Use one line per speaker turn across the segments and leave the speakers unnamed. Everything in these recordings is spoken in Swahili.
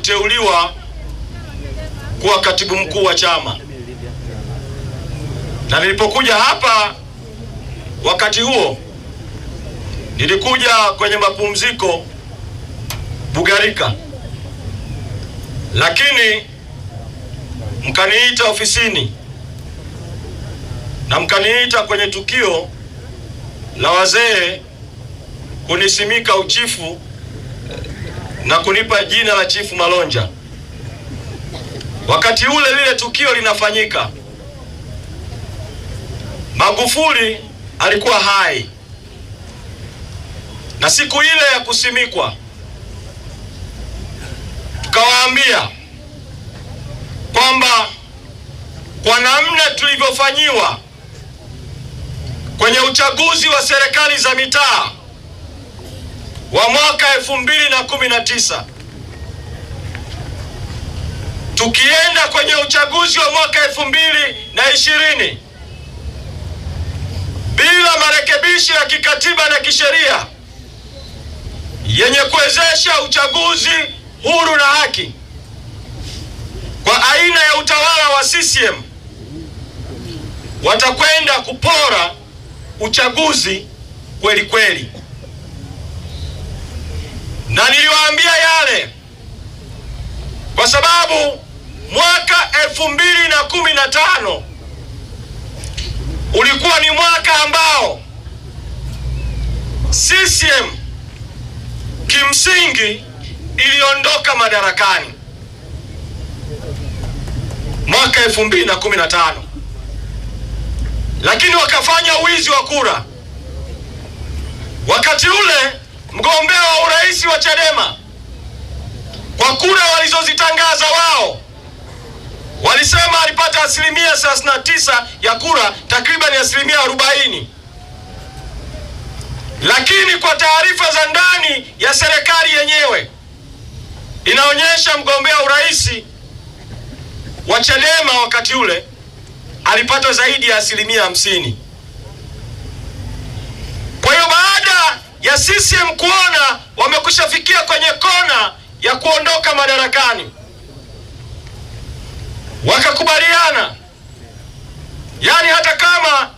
kuteuliwa kuwa katibu mkuu wa chama, na nilipokuja hapa wakati huo nilikuja kwenye mapumziko Bugarika, lakini mkaniita ofisini na mkaniita kwenye tukio la wazee kunisimika uchifu na kunipa jina la Chifu Malonja. Wakati ule lile tukio linafanyika, Magufuli alikuwa hai, na siku ile ya kusimikwa tukawaambia kwamba kwa namna tulivyofanyiwa kwenye uchaguzi wa serikali za mitaa wa mwaka elfu mbili na kumi na tisa tukienda kwenye uchaguzi wa mwaka elfu mbili na ishirini bila marekebisho ya kikatiba na kisheria yenye kuwezesha uchaguzi huru na haki kwa aina ya utawala wa CCM watakwenda kupora uchaguzi kweli kweli. yale, kwa sababu mwaka elfu mbili na kumi na tano ulikuwa ni mwaka ambao CCM kimsingi iliondoka madarakani mwaka elfu mbili na kumi na tano, lakini wakafanya wizi wa kura. Wakati ule mgombea wa urais wa Chadema kwa kura walizozitangaza wao. Walisema alipata asilimia 39 ya kura, takriban asilimia 40, lakini kwa taarifa za ndani ya serikali yenyewe inaonyesha mgombea urais wa Chadema wakati ule alipata zaidi ya asilimia 50. Kwa hiyo baada ya CCM kuona wamekushafikia kwenye kona ya kuondoka madarakani, wakakubaliana. Yaani hata kama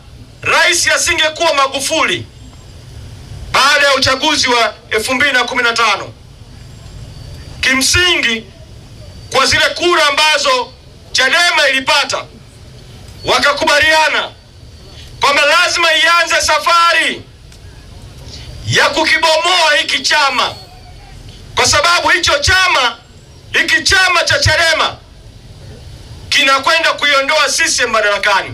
rais asingekuwa Magufuli baada ya uchaguzi wa 2015 kimsingi, kwa zile kura ambazo Chadema ilipata, wakakubaliana kwamba lazima ianze safari ya kukibomoa hiki chama kwa sababu hicho chama hiki chama cha Chadema kinakwenda kuiondoa sisi madarakani.